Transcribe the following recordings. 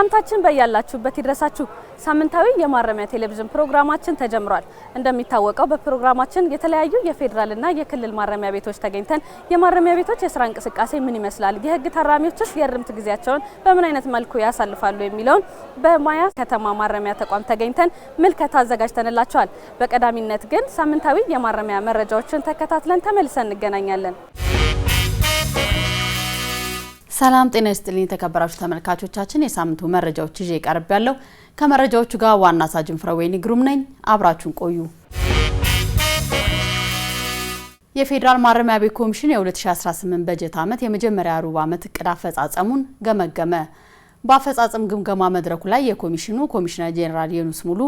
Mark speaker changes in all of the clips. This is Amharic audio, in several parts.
Speaker 1: ሰላምታችን በያላችሁበት ይድረሳችሁ። ሳምንታዊ የማረሚያ ቴሌቪዥን ፕሮግራማችን ተጀምሯል። እንደሚታወቀው በፕሮግራማችን የተለያዩ የፌዴራልና የክልል ማረሚያ ቤቶች ተገኝተን የማረሚያ ቤቶች የስራ እንቅስቃሴ ምን ይመስላል፣ የህግ ታራሚዎችስ የእርምት ጊዜያቸውን በምን አይነት መልኩ ያሳልፋሉ የሚለውን በማያ ከተማ ማረሚያ ተቋም ተገኝተን ምልከታ አዘጋጅተንላቸዋል። በቀዳሚነት ግን ሳምንታዊ የማረሚያ መረጃዎችን ተከታትለን ተመልሰን እንገናኛለን። ሰላም ጤና ይስጥልኝ የተከበራችሁ ተመልካቾቻችን፣ የሳምንቱ መረጃዎች ይዤ ቀርብ ያለው ከመረጃዎቹ ጋር ዋና ሳጅን ፍረወይኒ ግሩም ነኝ። አብራችሁን ቆዩ። የፌዴራል ማረሚያ ቤት ኮሚሽን የ2018 በጀት ዓመት የመጀመሪያ ሩብ ዓመት እቅድ አፈጻጸሙን ገመገመ። በአፈጻጸም ግምገማ መድረኩ ላይ የኮሚሽኑ ኮሚሽነር ጄኔራል የኑስ ሙሉ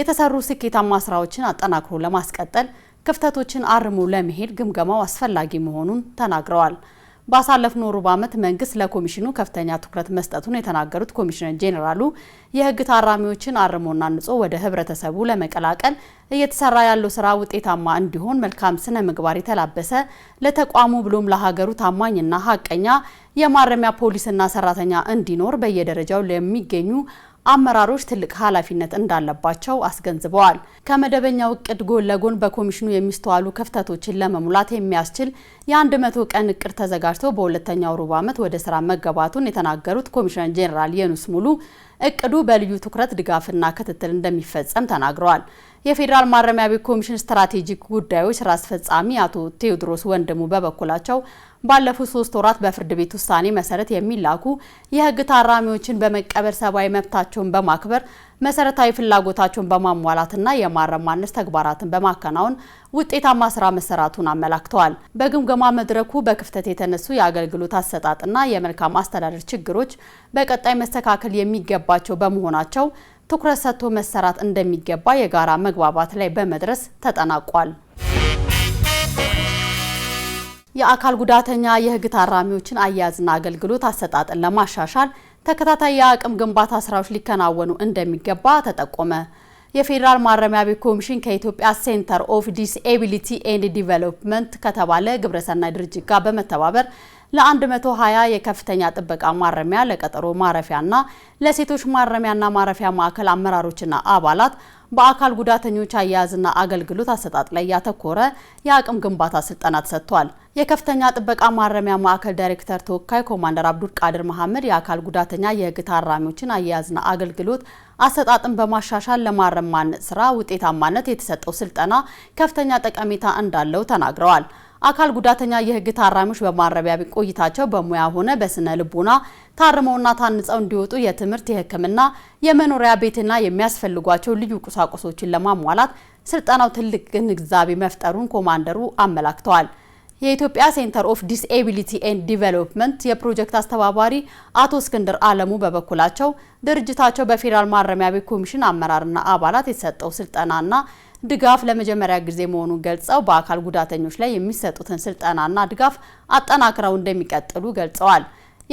Speaker 1: የተሰሩ ስኬታማ ስራዎችን አጠናክሮ ለማስቀጠል፣ ክፍተቶችን አርሞ ለመሄድ ግምገማው አስፈላጊ መሆኑን ተናግረዋል። ባሳለፍነው ሩብ ዓመት መንግስት ለኮሚሽኑ ከፍተኛ ትኩረት መስጠቱን የተናገሩት ኮሚሽነር ጄኔራሉ የህግ ታራሚዎችን አርሞና ንጾ ወደ ህብረተሰቡ ለመቀላቀል እየተሰራ ያለው ስራ ውጤታማ እንዲሆን መልካም ስነ ምግባር የተላበሰ ለተቋሙ ብሎም ለሀገሩ ታማኝና ሀቀኛ የማረሚያ ፖሊስና ሰራተኛ እንዲኖር በየደረጃው ለሚገኙ አመራሮች ትልቅ ኃላፊነት እንዳለባቸው አስገንዝበዋል። ከመደበኛው እቅድ ጎን ለጎን በኮሚሽኑ የሚስተዋሉ ክፍተቶችን ለመሙላት የሚያስችል የ100 ቀን እቅድ ተዘጋጅቶ በሁለተኛው ሩብ ዓመት ወደ ስራ መገባቱን የተናገሩት ኮሚሽነር ጄኔራል የኑስ ሙሉ እቅዱ በልዩ ትኩረት ድጋፍና ክትትል እንደሚፈጸም ተናግረዋል። የፌዴራል ማረሚያ ቤት ኮሚሽን ስትራቴጂክ ጉዳዮች ስራ አስፈጻሚ አቶ ቴዎድሮስ ወንድሙ በበኩላቸው ባለፉት ሶስት ወራት በፍርድ ቤት ውሳኔ መሰረት የሚላኩ የህግ ታራሚዎችን በመቀበል ሰብአዊ መብታቸውን በማክበር መሰረታዊ ፍላጎታቸውን በማሟላትና የማረም ማነስ ተግባራትን በማከናወን ውጤታማ ስራ መሰራቱን አመላክተዋል። በግምገማ መድረኩ በክፍተት የተነሱ የአገልግሎት አሰጣጥና የመልካም አስተዳደር ችግሮች በቀጣይ መስተካከል የሚገባቸው በመሆናቸው ትኩረት ሰጥቶ መሰራት እንደሚገባ የጋራ መግባባት ላይ በመድረስ ተጠናቋል። የአካል ጉዳተኛ የህግ ታራሚዎችን አያያዝና አገልግሎት አሰጣጥን ለማሻሻል ተከታታይ የአቅም ግንባታ ስራዎች ሊከናወኑ እንደሚገባ ተጠቆመ። የፌዴራል ማረሚያ ቤት ኮሚሽን ከኢትዮጵያ ሴንተር ኦፍ ዲስኤቢሊቲ ኤንድ ዲቨሎፕመንት ከተባለ ግብረሰናይ ድርጅት ጋር በመተባበር ለ120 የከፍተኛ ጥበቃ ማረሚያ ለቀጠሮ ማረፊያና ለሴቶች ማረሚያና ማረፊያ ማዕከል አመራሮችና አባላት በአካል ጉዳተኞች አያያዝና አገልግሎት አሰጣጥ ላይ ያተኮረ የአቅም ግንባታ ስልጠና ተሰጥቷል። የከፍተኛ ጥበቃ ማረሚያ ማዕከል ዳይሬክተር ተወካይ ኮማንደር አብዱል ቃድር መሐመድ የአካል ጉዳተኛ የሕግ ታራሚዎችን አያያዝና አገልግሎት አሰጣጥን በማሻሻል ለማረም ማነጽ ስራ ውጤታማነት የተሰጠው ስልጠና ከፍተኛ ጠቀሜታ እንዳለው ተናግረዋል። አካል ጉዳተኛ የህግ ታራሚዎች በማረቢያ ቆይታቸው በሙያ ሆነ በስነ ልቦና ታርመውና ታንጸው እንዲወጡ የትምህርት፣ የህክምና የመኖሪያ ቤትና የሚያስፈልጓቸው ልዩ ቁሳቁሶችን ለማሟላት ስልጠናው ትልቅ ግንዛቤ መፍጠሩን ኮማንደሩ አመላክተዋል። የኢትዮጵያ ሴንተር ኦፍ ዲስኤቢሊቲ ኤንድ ዲቨሎፕመንት የፕሮጀክት አስተባባሪ አቶ እስክንድር አለሙ በበኩላቸው ድርጅታቸው በፌዴራል ማረሚያ ቤት ኮሚሽን አመራርና አባላት የተሰጠው ስልጠናና ድጋፍ ለመጀመሪያ ጊዜ መሆኑን ገልጸው በአካል ጉዳተኞች ላይ የሚሰጡትን ስልጠናና ድጋፍ አጠናክረው እንደሚቀጥሉ ገልጸዋል።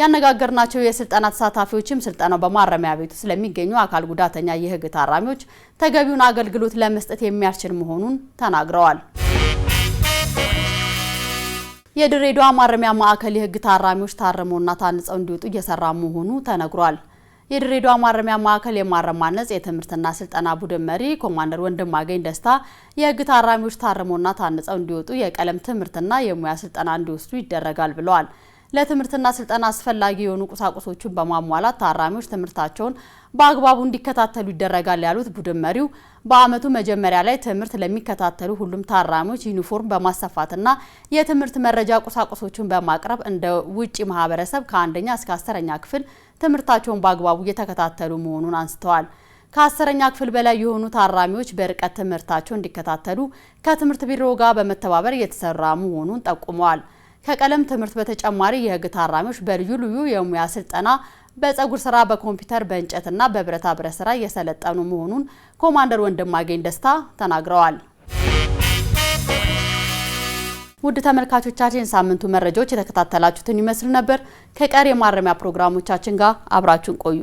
Speaker 1: ያነጋገርናቸው የስልጠና ተሳታፊዎችም ስልጠናው በማረሚያ ቤቱ ስለሚገኙ አካል ጉዳተኛ የህግ ታራሚዎች ተገቢውን አገልግሎት ለመስጠት የሚያስችል መሆኑን ተናግረዋል። የድሬዳዋ ማረሚያ ማዕከል የህግ ታራሚዎች ታርመውና ታንጸው እንዲወጡ እየሰራ መሆኑ ተነግሯል። የድሬዳዋ ማረሚያ ማዕከል የማረማነጽ የትምህርትና ስልጠና ቡድን መሪ ኮማንደር ወንድማገኝ ደስታ የህግ ታራሚዎች ታርመውና ታንጸው እንዲወጡ የቀለም ትምህርትና የሙያ ስልጠና እንዲወስዱ ይደረጋል ብለዋል። ለትምህርትና ስልጠና አስፈላጊ የሆኑ ቁሳቁሶችን በማሟላት ታራሚዎች ትምህርታቸውን በአግባቡ እንዲከታተሉ ይደረጋል ያሉት ቡድን መሪው በዓመቱ መጀመሪያ ላይ ትምህርት ለሚከታተሉ ሁሉም ታራሚዎች ዩኒፎርም በማሰፋትና የትምህርት መረጃ ቁሳቁሶችን በማቅረብ እንደ ውጭ ማህበረሰብ ከአንደኛ እስከ አስረኛ ክፍል ትምህርታቸውን በአግባቡ እየተከታተሉ መሆኑን አንስተዋል። ከአስረኛ ክፍል በላይ የሆኑ ታራሚዎች በርቀት ትምህርታቸው እንዲከታተሉ ከትምህርት ቢሮ ጋር በመተባበር እየተሰራ መሆኑን ጠቁመዋል። ከቀለም ትምህርት በተጨማሪ የህግ ታራሚዎች በልዩ ልዩ የሙያ ስልጠና በፀጉር ስራ፣ በኮምፒውተር፣ በእንጨትና በብረታ ብረት ስራ እየሰለጠኑ መሆኑን ኮማንደር ወንድማገኝ ደስታ ተናግረዋል። ውድ ተመልካቾቻችን ሳምንቱ መረጃዎች የተከታተላችሁትን ይመስል ነበር። ከቀሪ የማረሚያ ፕሮግራሞቻችን ጋር አብራችሁን ቆዩ።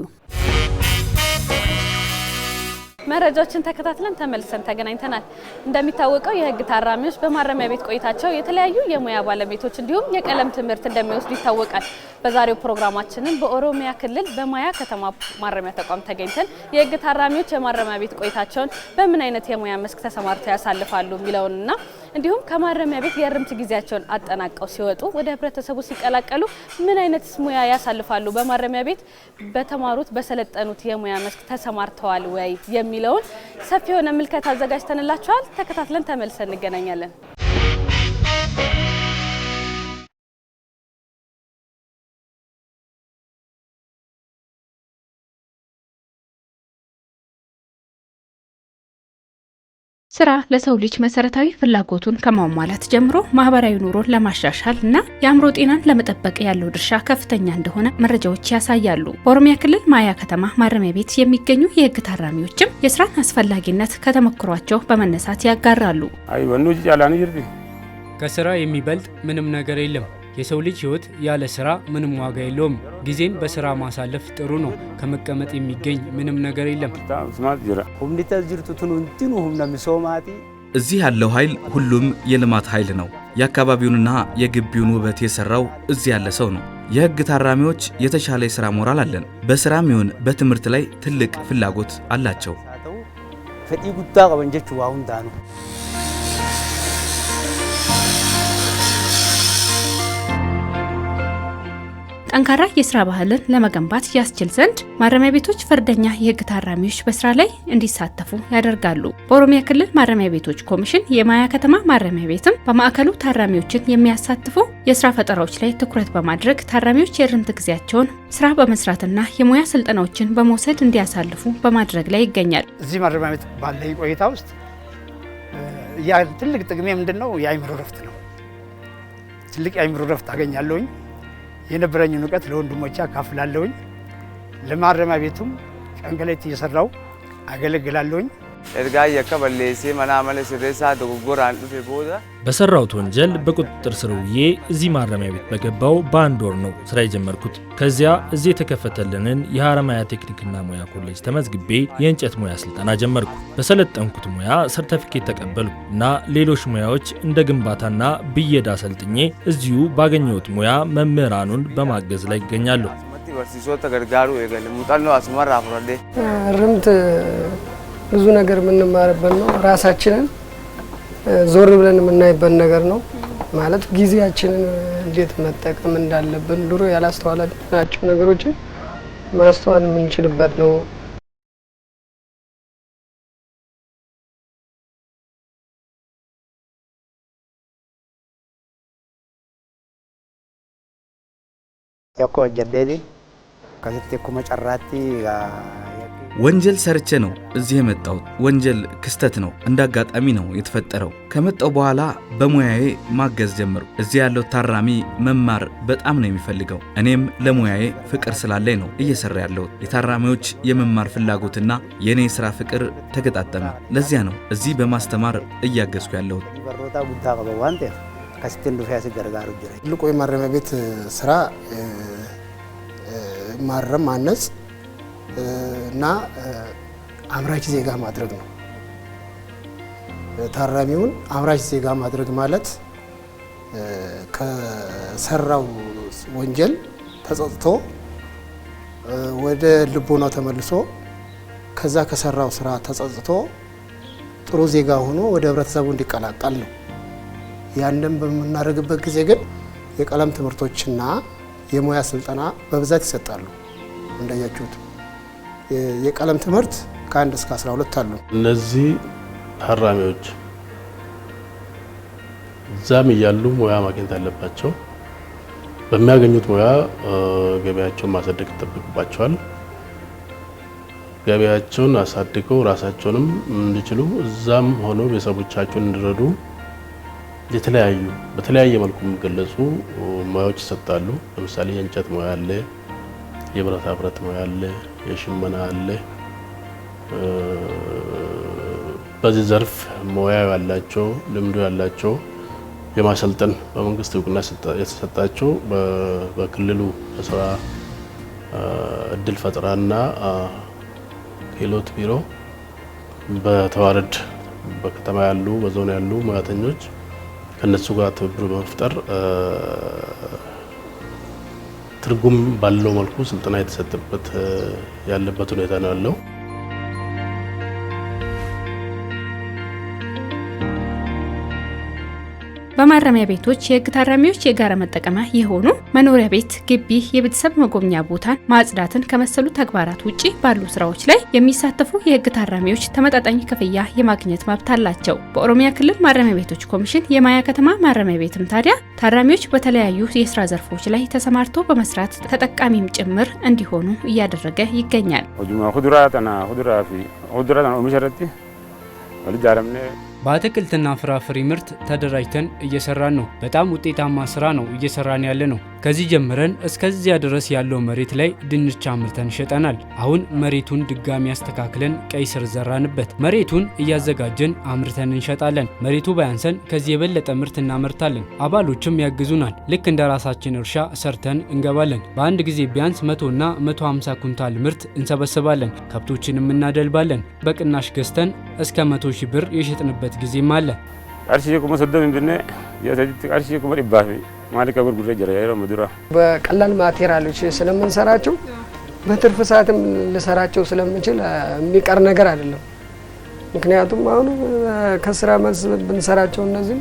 Speaker 1: መረጃዎችን ተከታትለን ተመልሰን ተገናኝተናል። እንደሚታወቀው የህግ ታራሚዎች በማረሚያ ቤት ቆይታቸው የተለያዩ የሙያ ባለቤቶች እንዲሁም የቀለም ትምህርት እንደሚወስዱ ይታወቃል። በዛሬው ፕሮግራማችንም በኦሮሚያ ክልል በማያ ከተማ ማረሚያ ተቋም ተገኝተን የህግ ታራሚዎች የማረሚያ ቤት ቆይታቸውን በምን አይነት የሙያ መስክ ተሰማርተው ያሳልፋሉ የሚለውንና እንዲሁም ከማረሚያ ቤት የእርምት ጊዜያቸውን አጠናቀው ሲወጡ ወደ ህብረተሰቡ ሲቀላቀሉ ምን አይነት ሙያ ያሳልፋሉ፣ በማረሚያ ቤት በተማሩት በሰለጠኑት የሙያ መስክ ተሰማርተዋል ወይ የሚለውን ሰፊ የሆነ ምልከታ አዘጋጅተንላቸዋል። ተከታትለን ተመልሰን እንገናኛለን። ስራ ለሰው ልጅ መሰረታዊ ፍላጎቱን ከማሟላት ጀምሮ ማህበራዊ ኑሮን ለማሻሻል እና የአእምሮ ጤናን ለመጠበቅ ያለው ድርሻ ከፍተኛ እንደሆነ መረጃዎች ያሳያሉ። በኦሮሚያ ክልል ማያ ከተማ ማረሚያ ቤት የሚገኙ የህግ ታራሚዎችም የስራን አስፈላጊነት ከተሞክሯቸው በመነሳት ያጋራሉ።
Speaker 2: ከስራ የሚበልጥ ምንም ነገር የለም። የሰው ልጅ ህይወት ያለ ስራ ምንም ዋጋ የለውም። ጊዜን በስራ ማሳለፍ ጥሩ ነው። ከመቀመጥ የሚገኝ ምንም ነገር የለም።
Speaker 3: እዚህ ያለው ኃይል ሁሉም የልማት ኃይል ነው። የአካባቢውንና የግቢውን ውበት የሰራው እዚህ ያለ ሰው ነው። የህግ ታራሚዎች የተሻለ የሥራ ሞራል አለን። በሥራም ይሁን በትምህርት ላይ ትልቅ ፍላጎት አላቸው።
Speaker 1: ጠንካራ የስራ ባህልን ለመገንባት ያስችል ዘንድ ማረሚያ ቤቶች ፈርደኛ የህግ ታራሚዎች በስራ ላይ እንዲሳተፉ ያደርጋሉ። በኦሮሚያ ክልል ማረሚያ ቤቶች ኮሚሽን የማያ ከተማ ማረሚያ ቤትም በማዕከሉ ታራሚዎችን የሚያሳትፉ የስራ ፈጠራዎች ላይ ትኩረት በማድረግ ታራሚዎች የእርምት ጊዜያቸውን ስራ በመስራትና የሙያ ስልጠናዎችን በመውሰድ እንዲያሳልፉ በማድረግ ላይ ይገኛል።
Speaker 4: እዚህ ማረሚያ ቤት ባለኝ ቆይታ ውስጥ ያ ትልቅ ጥቅሜ ምንድን ነው? የአይምሮ ረፍት ነው። ትልቅ የአይምሮ ረፍት አገኛለሁኝ። የነበረኝን እውቀት ለወንድሞች አካፍላለሁኝ። ለማረሚያ ቤቱም ቀንገለት እየሰራው አገለግላለሁኝ።
Speaker 5: እርጋ የከበሌሴ መናመለ ስሬሳ ዶጎጎራን ዱፌ ቦዘ
Speaker 3: በሰራሁት ወንጀል በቁጥጥር ስር ውዬ እዚህ ማረሚያ ቤት በገባው በአንድ ወር ነው ስራ የጀመርኩት። ከዚያ እዚህ የተከፈተልንን የሐረማያ ቴክኒክና ሙያ ኮሌጅ ተመዝግቤ የእንጨት ሙያ ስልጠና ጀመርኩ። በሰለጠንኩት ሙያ ሰርተፊኬት ተቀበልኩ እና ሌሎች ሙያዎች እንደ ግንባታና ብየዳ ሰልጥኜ እዚሁ ባገኘሁት ሙያ መምህራኑን በማገዝ ላይ ይገኛለሁ።
Speaker 6: ብዙ ነገር የምንማርበት ነው። ራሳችንን ዞር ብለን የምናይበት ነገር ነው ማለት ጊዜያችንን እንዴት መጠቀም እንዳለብን ድሮ ያላስተዋላናቸው ነገሮችን ማስተዋል የምንችልበት ነው።
Speaker 7: ያኮ ጀደዲ ከዚህ ኩመ ጨራቲ
Speaker 3: ወንጀል ሰርቼ ነው እዚህ የመጣሁት። ወንጀል ክስተት ነው፣ እንደ አጋጣሚ ነው የተፈጠረው። ከመጣው በኋላ በሙያዬ ማገዝ ጀመርኩ። እዚህ ያለው ታራሚ መማር በጣም ነው የሚፈልገው። እኔም ለሙያዬ ፍቅር ስላለኝ ነው እየሰራ ያለሁት። የታራሚዎች የመማር ፍላጎትና የእኔ ስራ ፍቅር ተገጣጠመ። ለዚያ ነው እዚህ በማስተማር እያገዝኩ ያለሁት።
Speaker 7: ትልቁ የማረሚያ ቤት ስራ ማረም፣ ማነጽ እና አምራች ዜጋ ማድረግ ነው። ታራሚውን አምራች ዜጋ ማድረግ ማለት ከሰራው ወንጀል ተጸጽቶ ወደ ልቦናው ተመልሶ ከዛ ከሰራው ስራ ተጸጽቶ ጥሩ ዜጋ ሆኖ ወደ ህብረተሰቡ እንዲቀላቀል ነው። ያንን በምናደርግበት ጊዜ ግን የቀለም ትምህርቶችና የሙያ ስልጠና በብዛት ይሰጣሉ እንዳያችሁት። የቀለም ትምህርት ከአንድ እስከ 12 አሉ።
Speaker 8: እነዚህ ሀራሚዎች እዛም እያሉ ሙያ ማግኘት አለባቸው። በሚያገኙት ሙያ ገበያቸውን ማሳደግ ይጠበቅባቸዋል። ገበያቸውን አሳድገው ራሳቸውንም እንዲችሉ እዛም ሆነው ቤተሰቦቻቸውን እንዲረዱ የተለያዩ በተለያየ መልኩ የሚገለጹ ሙያዎች ይሰጣሉ። ለምሳሌ የእንጨት ሙያ አለ፣ የብረታ ብረት ሙያ አለ የሽመና አለ። በዚህ ዘርፍ ሙያ ያላቸው ልምዱ ያላቸው የማሰልጠን በመንግስት እውቅና የተሰጣቸው በክልሉ ስራ እድል ፈጠራና ክህሎት ቢሮ በተዋረድ በከተማ ያሉ በዞን ያሉ ሙያተኞች ከነሱ ጋር ትብብር በመፍጠር ትርጉም ባለው መልኩ ስልጠና የተሰጠበት ያለበት ሁኔታ ነው ያለው።
Speaker 1: በማረሚያ ቤቶች የህግ ታራሚዎች የጋራ መጠቀሚያ የሆኑ መኖሪያ ቤት ግቢ፣ የቤተሰብ መጎብኛ ቦታን ማጽዳትን ከመሰሉ ተግባራት ውጪ ባሉ ስራዎች ላይ የሚሳተፉ የህግ ታራሚዎች ተመጣጣኝ ክፍያ የማግኘት መብት አላቸው። በኦሮሚያ ክልል ማረሚያ ቤቶች ኮሚሽን የማያ ከተማ ማረሚያ ቤትም ታዲያ ታራሚዎች በተለያዩ የስራ ዘርፎች ላይ ተሰማርቶ በመስራት ተጠቃሚም ጭምር እንዲሆኑ እያደረገ ይገኛል።
Speaker 3: በአትክልትና ፍራፍሬ ምርት ተደራጅተን እየሰራን ነው። በጣም ውጤታማ ስራ ነው እየሰራን ያለ ነው። ከዚህ ጀምረን እስከዚያ ድረስ ያለው መሬት ላይ ድንች አምርተን ሸጠናል። አሁን መሬቱን ድጋሚ አስተካክለን ቀይ ስር ዘራንበት። መሬቱን እያዘጋጀን አምርተን እንሸጣለን። መሬቱ ባያንሰን ከዚህ የበለጠ ምርት እናመርታለን። አባሎችም ያግዙናል። ልክ እንደ ራሳችን እርሻ ሰርተን እንገባለን። በአንድ ጊዜ ቢያንስ መቶና መቶ ሃምሳ ኩንታል ምርት እንሰበስባለን። ከብቶችንም እናደልባለን። በቅናሽ ገዝተን እስከ መቶ ሺህ ብር የሸጥንበት ጊዜም አለ።
Speaker 9: ማሊካ ጉርጉሬ ጀረያሮ ምድራ
Speaker 6: በቀላል ማቴሪያሎች ስለምንሰራቸው በትርፍ ሰዓትም ልሰራቸው ስለምችል የሚቀር ነገር አይደለም። ምክንያቱም አሁን ከስራ መልስ ብንሰራቸው እነዚህም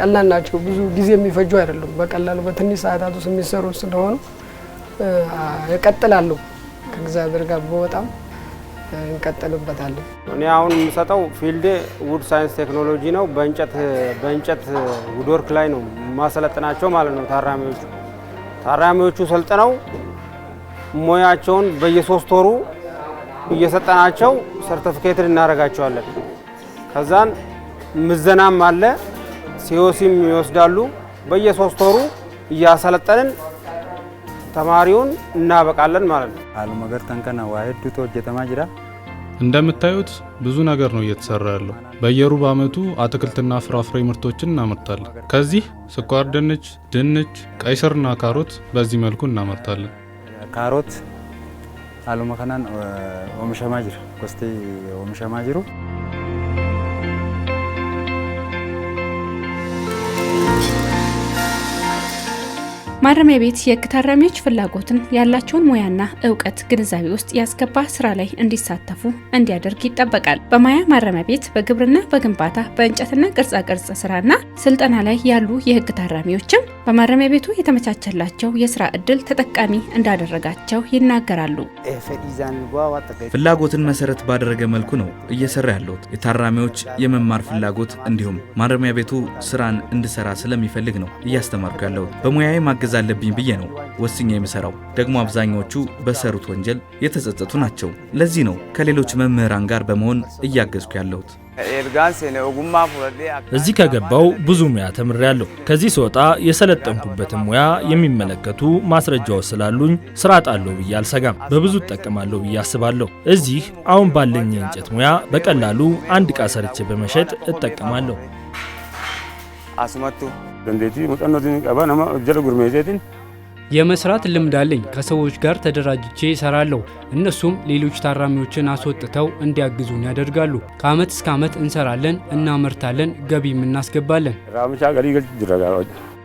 Speaker 6: ቀላል ናቸው። ብዙ ጊዜ የሚፈጁ አይደሉም። በቀላሉ በትንሽ ሰዓታት ውስጥ የሚሰሩ ስለሆኑ ይቀጥላሉ ከእግዚአብሔር ጋር በጣም እንቀጥልበታለን።
Speaker 10: እኔ አሁን የምሰጠው ፊልድ ውድ ሳይንስ ቴክኖሎጂ ነው። በእንጨት በእንጨት ውድ ወርክ ላይ ነው ማሰለጥናቸው ማለት ነው። ታራሚዎቹ ታራሚዎቹ ሰልጥነው ሙያቸውን በየሶስት ወሩ እየሰጠናቸው ሰርተፊኬትን እናደርጋቸዋለን። ከዛን ምዘናም አለ ሲዮሲም ይወስዳሉ። በየሶስት ወሩ እያሰለጠንን ተማሪውን እናበቃለን ማለት ነው።
Speaker 11: አሉ ተንከና ዋሄድ ዱቶ ጅራ
Speaker 3: እንደምታዩት ብዙ ነገር ነው እየተሰራ ያለው። በየሩብ ዓመቱ አትክልትና ፍራፍሬ ምርቶችን እናመርታለን። ከዚህ ስኳር ድንች፣ ድንች፣ ቀይ ስርና ካሮት በዚህ መልኩ እናመርታለን።
Speaker 12: ካሮት አሉ መከናን ኦምሸማ ኮስቴ ኦምሸማ
Speaker 1: ማረሚያ ቤት የህግ ታራሚዎች ፍላጎትን ያላቸውን ሙያና እውቀት ግንዛቤ ውስጥ ያስገባ ስራ ላይ እንዲሳተፉ እንዲያደርግ ይጠበቃል። በማያ ማረሚያ ቤት በግብርና፣ በግንባታ፣ በእንጨትና ቅርጻቅርጽ ስራና ስልጠና ላይ ያሉ የህግ ታራሚዎችም በማረሚያ ቤቱ የተመቻቸላቸው የስራ እድል ተጠቃሚ እንዳደረጋቸው ይናገራሉ።
Speaker 3: ፍላጎትን መሰረት ባደረገ መልኩ ነው እየሰራ ያለሁት። የታራሚዎች የመማር ፍላጎት እንዲሁም ማረሚያ ቤቱ ስራን እንድሰራ ስለሚፈልግ ነው እያስተማርኩ ያለሁት። በሙያዊ ማገዛ አለብኝ ብዬ ነው ወስኝ የምሰራው። ደግሞ አብዛኛዎቹ በሰሩት ወንጀል የተጸጸቱ ናቸው። ለዚህ ነው ከሌሎች መምህራን ጋር በመሆን እያገዝኩ ያለሁት። እዚህ ከገባው ብዙ ሙያ ተምሬያለሁ። ከዚህ ስወጣ የሰለጠንኩበትን ሙያ የሚመለከቱ ማስረጃዎች ስላሉኝ ስራ ጣለሁ ብዬ አልሰጋም። በብዙ እጠቀማለሁ ብዬ አስባለሁ። እዚህ አሁን ባለኝ የእንጨት ሙያ በቀላሉ አንድ ዕቃ ሰርቼ በመሸጥ እጠቀማለሁ።
Speaker 13: asumatu
Speaker 14: dandeetii muuxannootiin qaba nama jala gurmeeseetiin
Speaker 3: የመስራት ልምድ አለኝ። ከሰዎች ጋር ተደራጅቼ እሰራለሁ። እነሱም ሌሎች ታራሚዎችን አስወጥተው እንዲያግዙን ያደርጋሉ። ከአመት እስከ አመት እንሰራለን፣ እናመርታለን፣ ገቢም እናስገባለን።
Speaker 15: ራምቻ ገሊ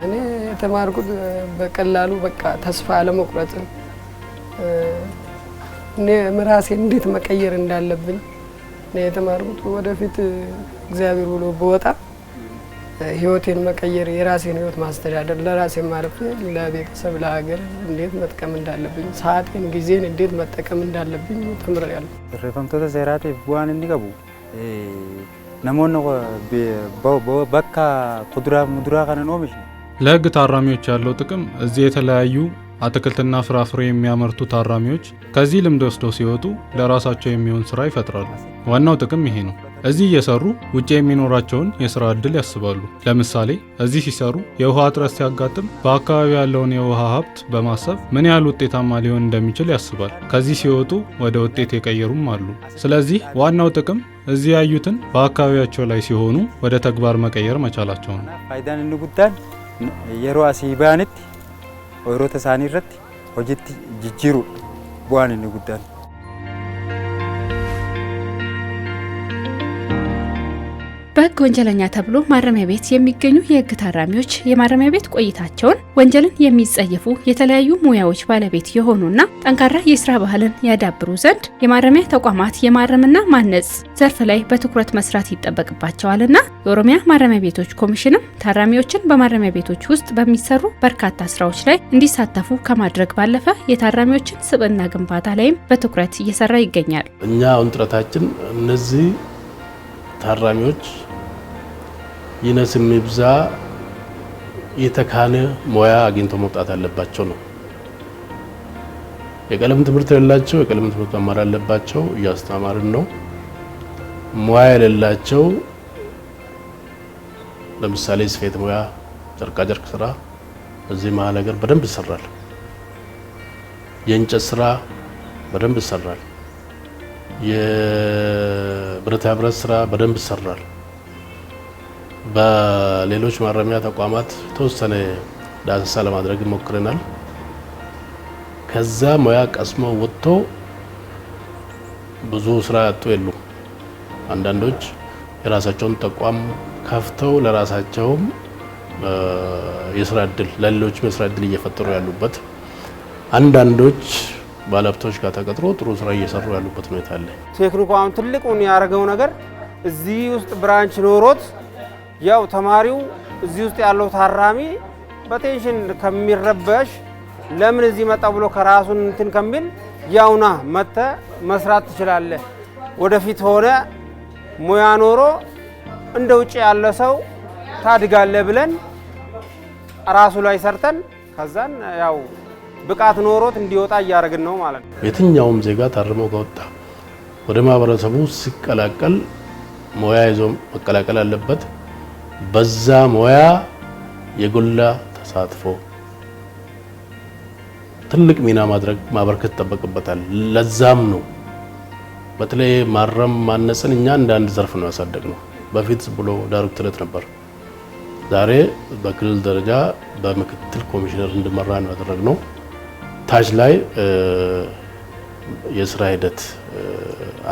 Speaker 6: እኔ የተማርኩት በቀላሉ በቃ ተስፋ አለመቁረጥን እኔ ራሴ እንዴት መቀየር እንዳለብኝ እኔ የተማርኩት ወደፊት እግዚአብሔር ብሎ በወጣ ህይወቴን መቀየር የራሴን ህይወት ማስተዳደር ለራሴን ማለፍ ለቤተሰብ ለሀገር እንዴት መጥቀም እንዳለብኝ ሰዓቴን ጊዜን እንዴት መጠቀም እንዳለብኝ ተምሬያለሁ።
Speaker 16: ሪፈምቶተ ሴራቴ ቡአን እንዲገቡ ነሞን በካ ቁድራ ሙድራ ከነን
Speaker 3: ለህግ ታራሚዎች ያለው ጥቅም እዚህ የተለያዩ አትክልትና ፍራፍሬ የሚያመርቱ ታራሚዎች ከዚህ ልምድ ወስደው ሲወጡ ለራሳቸው የሚሆን ስራ ይፈጥራሉ። ዋናው ጥቅም ይሄ ነው። እዚህ እየሰሩ ውጭ የሚኖራቸውን የስራ ዕድል ያስባሉ። ለምሳሌ እዚህ ሲሰሩ የውሃ እጥረት ሲያጋጥም በአካባቢው ያለውን የውሃ ሀብት በማሰብ ምን ያህል ውጤታማ ሊሆን እንደሚችል ያስባል። ከዚህ ሲወጡ ወደ ውጤት የቀየሩም አሉ። ስለዚህ ዋናው ጥቅም እዚህ ያዩትን በአካባቢያቸው ላይ ሲሆኑ ወደ ተግባር መቀየር መቻላቸው ነው።
Speaker 16: ፋይዳን እንጉዳን የሮ ሲባንት ረት ሆጅት ጅጅሩ ቧን እንጉዳን
Speaker 1: በህግ ወንጀለኛ ተብሎ ማረሚያ ቤት የሚገኙ የህግ ታራሚዎች የማረሚያ ቤት ቆይታቸውን ወንጀልን የሚጸየፉ የተለያዩ ሙያዎች ባለቤት የሆኑና ጠንካራ የስራ ባህልን ያዳብሩ ዘንድ የማረሚያ ተቋማት የማረምና ማነጽ ዘርፍ ላይ በትኩረት መስራት ይጠበቅባቸዋልና የኦሮሚያ ማረሚያ ቤቶች ኮሚሽንም ታራሚዎችን በማረሚያ ቤቶች ውስጥ በሚሰሩ በርካታ ስራዎች ላይ እንዲሳተፉ ከማድረግ ባለፈ የታራሚዎችን ስብዕና ግንባታ ላይም በትኩረት እየሰራ ይገኛል።
Speaker 8: እኛ አሁን ጥረታችን እነዚህ ታራሚዎች ይነስም ይብዛ የተካነ ሙያ አግኝቶ መውጣት አለባቸው ነው። የቀለም ትምህርት የሌላቸው የቀለም ትምህርት መማር አለባቸው። እያስተማርን ነው። ሙያ የሌላቸው ለምሳሌ ስፌት ሙያ፣ ጨርቃጨርቅ ስራ እዚህ መሀል ሀገር በደንብ ይሰራል። የእንጨት ስራ በደንብ ይሰራል። የብረታ ብረት ስራ በደንብ ይሰራል። በሌሎች ማረሚያ ተቋማት የተወሰነ ዳሰሳ ለማድረግ ሞክረናል። ከዛ ሙያ ቀስሞ ወጥቶ ብዙ ስራ ያጡ የሉ። አንዳንዶች የራሳቸውን ተቋም ከፍተው ለራሳቸውም የስራ እድል ለሌሎችም የስራ እድል እየፈጠሩ ያሉበት፣ አንዳንዶች ባለሀብቶች ጋር ተቀጥሮ ጥሩ ስራ እየሰሩ ያሉበት ሁኔታ አለ።
Speaker 10: ቴክኒኩ ትልቁን ያደረገው ነገር እዚህ ውስጥ ብራንች ኖሮት ያው ተማሪው እዚህ ውስጥ ያለው ታራሚ በቴንሽን ከሚረበሽ ለምን እዚህ መጣ ብሎ ከራሱን እንትን ከሚል ያውና መተ መስራት ትችላለህ። ወደፊት ሆነ ሙያ ኖሮ እንደ ውጭ ያለ ሰው ታድጋለህ ብለን ራሱ ላይ ሰርተን ከዛን ያው ብቃት ኖሮት እንዲወጣ እያደረግን ነው ማለት
Speaker 8: ነው። የትኛውም ዜጋ ታርሞ ከወጣ ወደ ማህበረሰቡ ሲቀላቀል ሙያ ይዞ መቀላቀል አለበት። በዛ ሙያ የጎላ ተሳትፎ ትልቅ ሚና ማድረግ ማበርከት ይጠበቅበታል። ለዛም ነው በተለይ ማረም ማነጽን እኛ እንደ አንድ ዘርፍ ነው ያሳደግነው። በፊት ብሎ ዳይሬክተሬት ነበር። ዛሬ በክልል ደረጃ በምክትል ኮሚሽነር እንድመራ ነው ያደረግነው። ታች ላይ የስራ ሂደት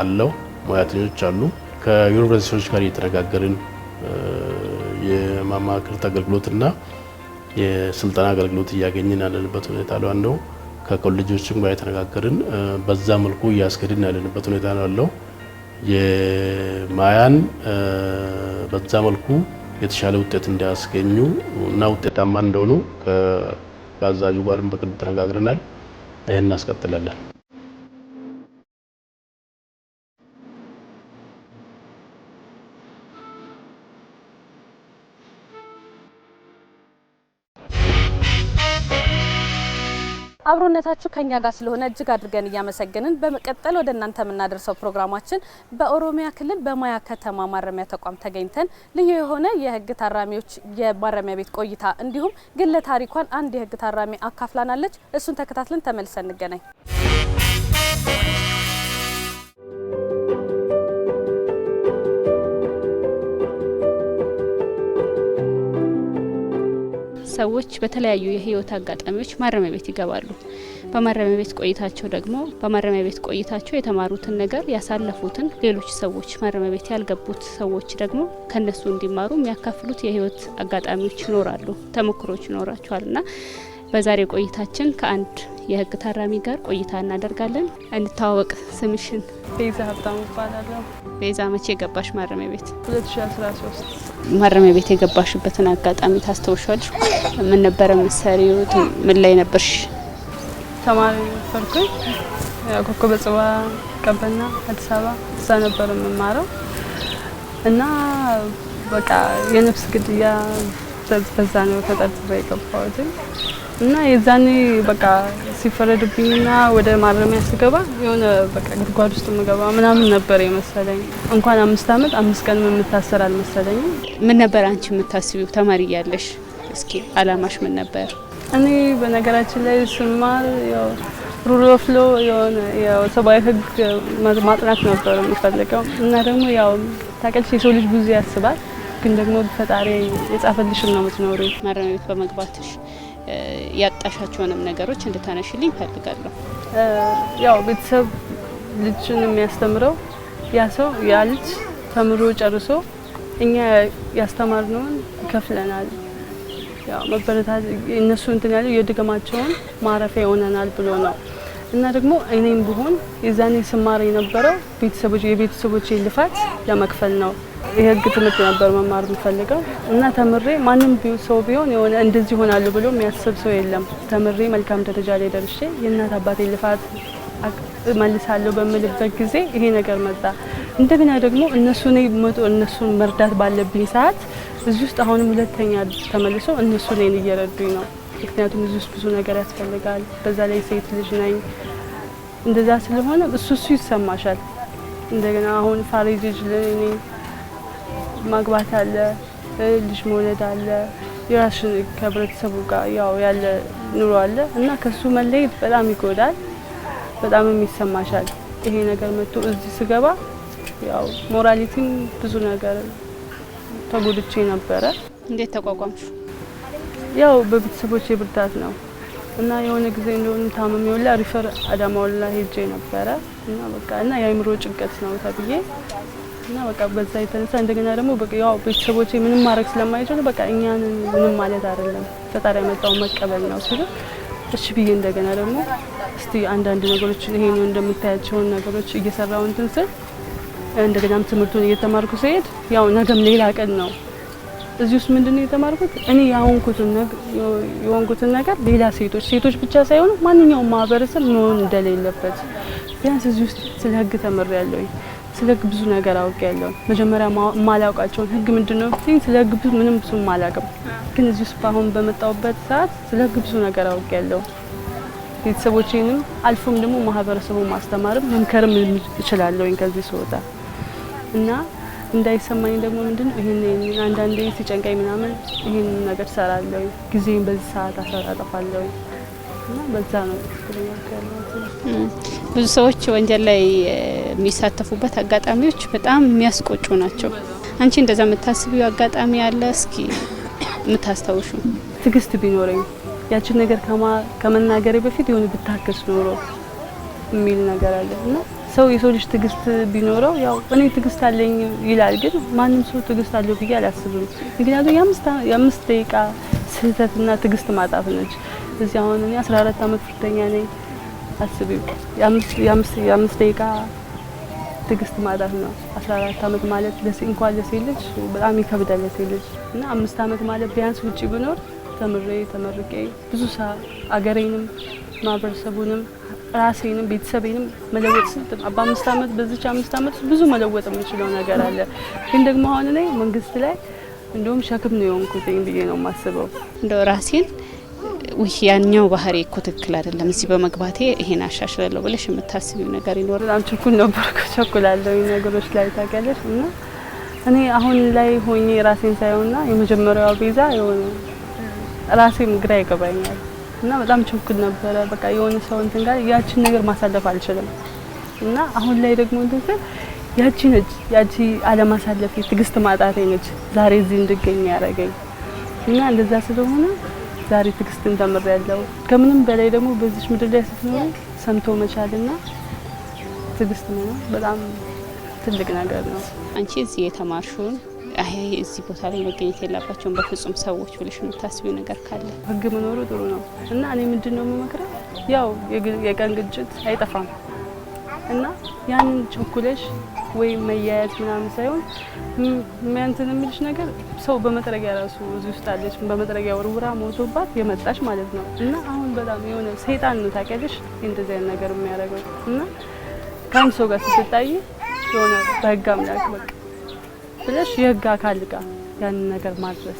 Speaker 8: አለው፣ ሙያተኞች አሉ። ከዩኒቨርሲቲዎች ጋር እየተነጋገርን የማማክርት አገልግሎትና የስልጠና አገልግሎት እያገኘን ያለንበት ሁኔታ ነው ያለው። ከኮሌጆችም ጋር የተነጋገርን በዛ መልኩ እያስገድን ያለንበት ሁኔታ ነው ያለው። የማያን በዛ መልኩ የተሻለ ውጤት እንዲያስገኙ እና ውጤታማ እንደሆኑ ከአዛዡ ጋርም በቅድ ተነጋግረናል። ይህን እናስቀጥላለን።
Speaker 1: አብሮነታችሁ ከኛ ጋር ስለሆነ እጅግ አድርገን እያመሰገንን በመቀጠል ወደ እናንተ የምናደርሰው ፕሮግራማችን በኦሮሚያ ክልል በማያ ከተማ ማረሚያ ተቋም ተገኝተን ልዩ የሆነ የህግ ታራሚዎች የማረሚያ ቤት ቆይታ እንዲሁም ግለ ታሪኳን አንድ የህግ ታራሚ አካፍላናለች። እሱን ተከታትለን ተመልሰን እንገናኝ። ሰዎች በተለያዩ የህይወት አጋጣሚዎች ማረሚያ ቤት ይገባሉ። በማረሚያ ቤት ቆይታቸው ደግሞ በማረሚያ ቤት ቆይታቸው የተማሩትን ነገር ያሳለፉትን ሌሎች ሰዎች ማረሚያ ቤት ያልገቡት ሰዎች ደግሞ ከነሱ እንዲማሩ የሚያካፍሉት የህይወት አጋጣሚዎች ይኖራሉ፣ ተሞክሮች ይኖራቸዋል እና በዛሬ ቆይታችን ከአንድ የህግ ታራሚ ጋር ቆይታ እናደርጋለን። እንታዋወቅ፣ ስምሽን?
Speaker 17: ቤዛ ሀብታሙ እባላለሁ።
Speaker 18: ቤዛ መቼ ገባሽ ማረሚያ ቤት?
Speaker 17: 2013
Speaker 18: ማረሚያ ቤት የገባሽበትን አጋጣሚ ታስታውሻለሽ? ምን ነበረ መሰሪው? ምን ላይ ነበርሽ?
Speaker 17: ተማሪ ነበርኩኝ። ኮከበ ጽባ ቀበና አዲስ አበባ እዛ ነበር የምማረው እና በቃ የነፍስ ግድያ በዛ ነው ተጠርጥሬ የገባሁት እና የዛኔ በቃ ሲፈረድብኝና ወደ ማረሚያ ስገባ የሆነ በቃ ጉድጓድ ውስጥ ምገባ ምናምን ነበር የመሰለኝ። እንኳን አምስት አመት አምስት ቀን የምታሰር አልመሰለኝም።
Speaker 19: ምን ነበር አንቺ የምታስቢው ተማሪ እያለሽ? እስኪ አላማሽ ምን ነበር?
Speaker 17: እኔ በነገራችን ላይ ስማር ያው ሩሮፍሎ የሆነ ያው የሆነ ህግ ሕግ ማጥናት ነበር የምፈልገው እና ደግሞ ያው ታውቂያለሽ የሰው ልጅ ብዙ ያስባል ግን ደግሞ ፈጣሪ የጻፈልሽን ነው የምትኖሪው።
Speaker 19: ማረሚያ ቤት በመግባትሽ ያጣሻቸውንም ነገሮች እንድታነሽልኝ ፈልጋለሁ።
Speaker 17: ያው ቤተሰብ ልጅን የሚያስተምረው ያ ሰው ያ ልጅ ተምሮ ጨርሶ እኛ ያስተማርነውን ይከፍለናል፣ ያው መበረታት እነሱ እንትን ያለው የድገማቸውን ማረፊያ ይሆነናል ብሎ ነው እና ደግሞ እኔም ብሆን የዛኔ ስማር የነበረው ቤተሰቦች የቤተሰቦች ልፋት ለመክፈል ነው የህግ ትምህርት ነበር መማር የምፈልገው እና ተምሬ ማንም ሰው ቢሆን የሆነ እንደዚህ ይሆናሉ ብሎ የሚያስብ ሰው የለም። ተምሬ መልካም ደረጃ ላይ ደርሼ የእናት አባቴ ልፋት መልሳለሁ በምልበት ጊዜ ይሄ ነገር መጣ። እንደገና ደግሞ እነሱን እነሱን መርዳት ባለብኝ ሰዓት እዚህ ውስጥ አሁንም ሁለተኛ ተመልሶ እነሱ እኔን እየረዱኝ ነው። ምክንያቱም እዚህ ውስጥ ብዙ ነገር ያስፈልጋል። በዛ ላይ ሴት ልጅ ነኝ። እንደዛ ስለሆነ እሱ እሱ ይሰማሻል። እንደገና አሁን ፋሬጅ ልጅ ማግባት አለ፣ ልጅ መውለድ አለ፣ የራስሽን ከህብረተሰቡ ጋር ያው ያለ ኑሮ አለ እና ከሱ መለየት በጣም ይጎዳል፣ በጣምም ይሰማሻል። ይሄ ነገር መጥቶ እዚህ ስገባ ያው ሞራሊቲም ብዙ ነገር ተጎድቼ ነበረ።
Speaker 19: እንዴት ተቋቋምሽ?
Speaker 17: ያው በቤተሰቦች ብርታት ነው እና የሆነ ጊዜ እንደሆነ ታመም የወላ ሪፈር አዳማ ወላ ሄጄ ነበረ እና በቃ እና የአይምሮ ጭንቀት ነው ተብዬ እና በቃ በዛ የተነሳ እንደገና ደግሞ ያው ቤተሰቦች ምንም ማድረግ ስለማይችሉ በቃ እኛን ምንም ማለት አይደለም ፈጣሪ ያመጣው መቀበል ነው ሲሉ እሺ ብዬ እንደገና ደግሞ እስቲ አንዳንድ ነገሮችን ይሄ ነው እንደምታያቸውን ነገሮች እየሰራው እንትን ስል እንደገናም ትምህርቱን እየተማርኩ ሲሄድ ያው ነገም ሌላ ቀን ነው። እዚህ ውስጥ ምንድን ነው የተማርኩት እኔ የሆንኩትን ነገር ሌላ ሴቶች ሴቶች ብቻ ሳይሆኑ ማንኛውም ማህበረሰብ መሆን እንደሌለበት ቢያንስ እዚህ ውስጥ ስለ ሕግ ተምሬያለሁ። ስለ ህግ ብዙ ነገር ያለው መጀመሪያ ማላውቃቸውን ህግ ምንድን ነው ብትይኝ ስለ ህግ ብዙ ምንም ብዙ አላውቅም። ግን እዚህ ውስጥ አሁን በመጣሁበት ሰዓት ስለ ህግ ብዙ ነገር ያለው ቤተሰቦቼንም አልፎም ደግሞ ማህበረሰቡ ማስተማርም መምከርም እችላለሁኝ ከዚህ ስወጣ እና እንዳይሰማኝ ደግሞ ምንድን ነው ይህን አንዳንዴ ሲጨንቃኝ ምናምን ይህን ነገር ሰራለሁ፣ ጊዜን በዚህ ሰዓት አሳጣጠፋለሁ።
Speaker 19: ብዙ ሰዎች ወንጀል ላይ የሚሳተፉበት አጋጣሚዎች በጣም የሚያስቆጩ ናቸው። አንቺ እንደዛ የምታስቢው አጋጣሚ አለ? እስኪ የምታስታውሹ።
Speaker 17: ትዕግስት ቢኖረኝ ያችን ነገር ከመናገሬ በፊት የሆነ ብታክስ ኖሮ የሚል ነገር አለ እና ሰው የሰው ልጅ ትግስት ቢኖረው ያው እኔ ትዕግስት አለኝ ይላል፣ ግን ማንም ሰው ትግስት አለው ብዬ አላስብም። ምክንያቱም የአምስት ደቂቃ ስህተትና ትግስት ማጣት ነች። እዚህ አሁን እኔ 14 ዓመት ፍርደኛ ነኝ። አስቢው የአምስት ደቂቃ ትዕግስት ማለት ነው። 14 ዓመት ማለት እንኳን ለሴት ልጅ በጣም ይከብዳል። ለሴት ልጅ እና አምስት ዓመት ማለት ቢያንስ ውጭ ብኖር ተምሬ ተመርቄ ብዙ አገሬንም ማህበረሰቡንም ራሴንም ቤተሰቤንም መለወጥ ስል በአምስት አመት በዚች አምስት አመት ብዙ መለወጥ የምችለው ነገር አለ። ግን ደግሞ አሁን ላይ መንግስት ላይ እንደውም ሸክም ነው የሆንኩት ብዬ ነው የማስበው
Speaker 19: እንደው ራሴን ውህ ያኛው ባህሪ እኮ ትክክል አይደለም፣ እዚህ በመግባቴ ይሄን አሻሽላለሁ ብለሽ የምታስቢው ነገር ይኖር?
Speaker 17: በጣም እኩል ነበር፣ ቸኩላለሁ ነገሮች ላይ ታውቂያለሽ። እና እኔ አሁን ላይ ሆኜ ራሴን ሳይሆንና የመጀመሪያዋ ቤዛ የሆነ ራሴም ግራ ይገባኛል እና በጣም ችኩል ነበረ። በቃ የሆነ ሰው እንትን ጋር ያችን ነገር ማሳለፍ አልችልም እና አሁን ላይ ደግሞ እንትን ያቺ ነች ያቺ አለማሳለፌ ትግስት ማጣቴ ነች ዛሬ እዚህ እንድገኝ ያደረገኝ እና እንደዛ ስለሆነ ዛሬ ትዕግስትን ተምሬያለሁ። ከምንም በላይ ደግሞ በዚህ ምድር ላይ ስትኖሩ ሰምቶ መቻልና ትዕግስት ነው በጣም ትልቅ ነገር ነው።
Speaker 19: አንቺ እዚህ የተማርሽውን አይ እዚህ ቦታ ላይ መገኘት የለባቸውም በፍጹም ሰዎች ብለሽ የምታስቢው ነገር ካለ
Speaker 17: ህግ መኖሩ ጥሩ ነው እና እኔ ምንድን ነው የምመክረው ያው የቀን ግጭት አይጠፋም እና ያንን ቸኩለሽ ወይም መያያዝ ምናምን ሳይሆን እንትን የሚልሽ ነገር ሰው በመጥረጊያ ራሱ እዚህ ውስጥ አለች በመጥረጊያ ወርውራ ሞቶባት የመጣች ማለት ነው። እና አሁን በጣም የሆነ ሰይጣን ነው ታውቂያለሽ፣ እንደዚህ አይነት ነገር የሚያደርገው እና ከአንድ ሰው ጋር ስትታይ የሆነ በህግ አምላክ በቃ ብለሽ የህግ አካል ጋር ያንን ነገር ማድረስ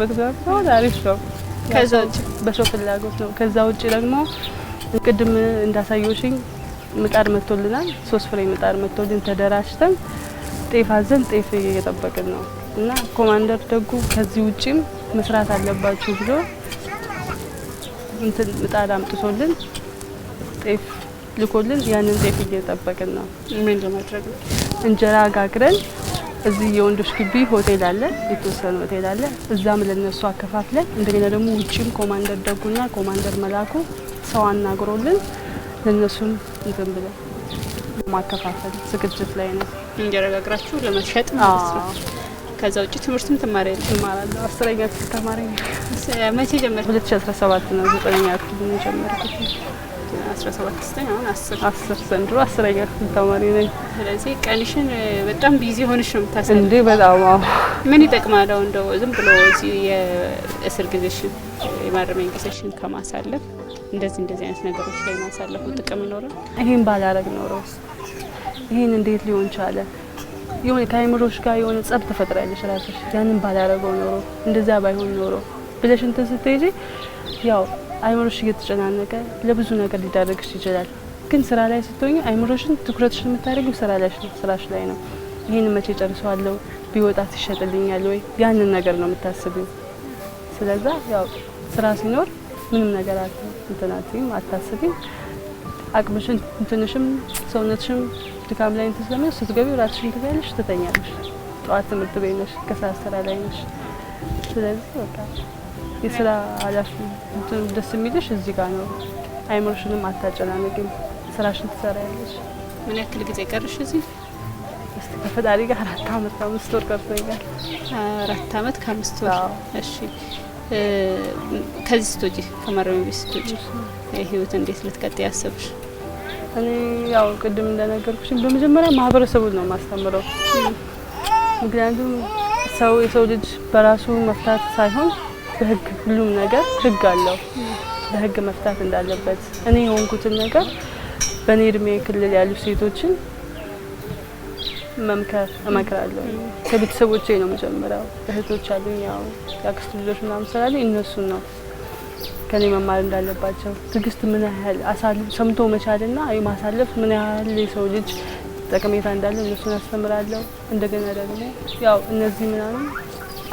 Speaker 17: በትግራይ አሪፍ ነው። በሰው ፍላጎት ነው። ከዛ ውጭ ደግሞ ቅድም እንዳሳየሽኝ ምጣድ መጥቶልናል። ሶስት ፍሬ ምጣድ መጥቶልን ተደራጅተን ጤፍ አዘን ጤፍ እየጠበቅን ነው እና ኮማንደር ደጉ ከዚህ ውጭም መስራት አለባችሁ ብሎ እንትን ምጣድ አምጥቶልን ጤፍ ልኮልን ያንን ጤፍ እየጠበቅን ነው። ምን ለማድረግ እንጀራ ጋግረን እዚህ የወንዶች ግቢ ሆቴል አለ፣ የተወሰነ ሆቴል አለ። እዛም ለነሱ አከፋፍለን እንደገና ደግሞ ውጭም ኮማንደር ደጉና ኮማንደር መላኩ ሰው አናግሮልን ለእነሱም እንትን ብለን ማከፋፈል ዝግጅት ላይ ነው
Speaker 19: እንዲያረጋግራችሁ ለመሸጥ ማለት ነው። ከዛ ውጭ ትምህርትም ትማሪ ትማራለ? አስረኛ ክፍል ተማሪ መቼ ጀመር?
Speaker 17: 2017 ነው ዘጠነኛ ክፍል ጀመርኩት።
Speaker 19: 17 ዘጠኝ አሁን አስር
Speaker 17: አስር ዘንድሮ አስረኛ ክፍል ተማሪ ነኝ።
Speaker 19: ስለዚህ ቀንሽን በጣም ቢዚ ሆንሽ ነው
Speaker 17: የምታሳልፍ እንዴ? በጣም አዎ።
Speaker 19: ምን ይጠቅማል እንደው ዝም ብሎ እዚህ የእስር ጊዜሽን የማረሚያ ጊዜሽን ከማሳለፍ እንደዚህ እንደዚህ አይነት ነገሮች ላይ ማሳለፉ ጥቅም ይኖራል?
Speaker 17: ይሄን ባላረግ ኖረው ይሄን እንዴት ሊሆን ቻለ? የሆነ ከአይምሮሽ ጋር የሆነ ጸብ ትፈጥሪያለሽ እራስሽ። ያንን ባላረገው ኖሮ እንደዛ ባይሆን ኖሮ ብለሽ እንትን ስትሄጂ ያው አይምሮሽ እየተጨናነቀ ለብዙ ነገር ሊዳረግሽ ይችላል። ግን ስራ ላይ ስትሆኝ አይምሮሽን ትኩረትሽን የምታደርጊው ስራ ላይ ስራሽ ላይ ነው። ይህን መቼ ጨርሰዋለሁ ቢወጣት ይሸጥልኛል ወይ ያንን ነገር ነው የምታስቢው። ስለዛ ያው ስራ ሲኖር ምንም ነገር እንትናት አታስቢም። አቅምሽን እንትንሽም ሰውነትሽም ድካም ላይ እንትን ስለሚሆን ስትገቢ ራትሽን ትበያለሽ፣ ትተኛለሽ። ጠዋት ትምህርት ቤት ነሽ፣ ከሰዓት ስራ ላይ ነሽ። ስለዚህ በቃ የስራ ኃላፊ ደስ የሚልሽ እዚህ ጋር ነው። አይምሮሽንም አታጨናነቅም፣ ስራሽን ትሰሪያለሽ።
Speaker 19: ምን ያክል ጊዜ ቀርሽ እዚህ?
Speaker 17: እስቲ ከፈጣሪ ጋር አራት አመት ከአምስት ወር ቀርቶኛል።
Speaker 19: አራት አመት ከአምስት ወር። እሺ ከዚህ ስትወጪ ከማረሚያ ቤት ስትወጪ ህይወት እንዴት ልትቀጥ ያሰብሽ?
Speaker 17: እኔ ያው ቅድም እንደነገርኩሽ በመጀመሪያ ማህበረሰቡን ነው የማስተምረው። ምክንያቱም ሰው የሰው ልጅ በራሱ መፍታት ሳይሆን በህግ ሁሉም ነገር ህግ አለው። በህግ መፍታት እንዳለበት እኔ የሆንኩትን ነገር በእኔ እድሜ ክልል ያሉ ሴቶችን መምከር እመክራለሁ። ከቤተሰቦቼ ነው የምጀምረው። እህቶች አሉኝ፣ ያው የአክስት ልጆች ምናምን ስላለኝ እነሱን ነው ከኔ መማር እንዳለባቸው። ትግስት ምን ያህል ሰምቶ መቻልና ማሳለፍ ምን ያህል የሰው ልጅ ጠቀሜታ እንዳለው እነሱን አስተምራለሁ። እንደገና ደግሞ ያው እነዚህ ምናምን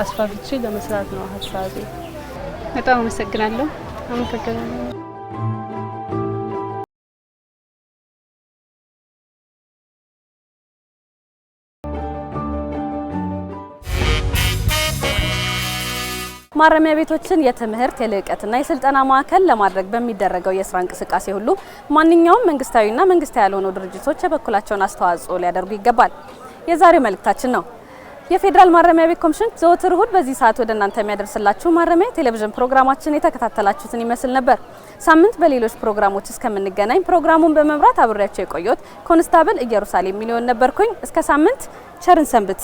Speaker 17: አስፋፍቼ ለመስራት ነው ሀሳቤ።
Speaker 19: በጣም አመሰግናለሁ።
Speaker 17: አመሰግናለሁ።
Speaker 1: ማረሚያ ቤቶችን የትምህርት የልዕቀትና የስልጠና ማዕከል ለማድረግ በሚደረገው የስራ እንቅስቃሴ ሁሉ ማንኛውም መንግስታዊና መንግስታዊ ያልሆኑ ድርጅቶች የበኩላቸውን አስተዋጽኦ ሊያደርጉ ይገባል የዛሬው መልእክታችን ነው። የፌዴራል ማረሚያ ቤት ኮሚሽን ዘወትር እሁድ በዚህ ሰዓት ወደ እናንተ የሚያደርስላችሁ ማረሚያ ቴሌቪዥን ፕሮግራማችን የተከታተላችሁትን ይመስል ነበር። ሳምንት በሌሎች ፕሮግራሞች እስከምንገናኝ ፕሮግራሙን በመምራት አብሬያቸው የቆየሁት ኮንስታብል ኢየሩሳሌም ሚሊዮን ነበርኩኝ። እስከ ሳምንት ቸርን ሰንብት።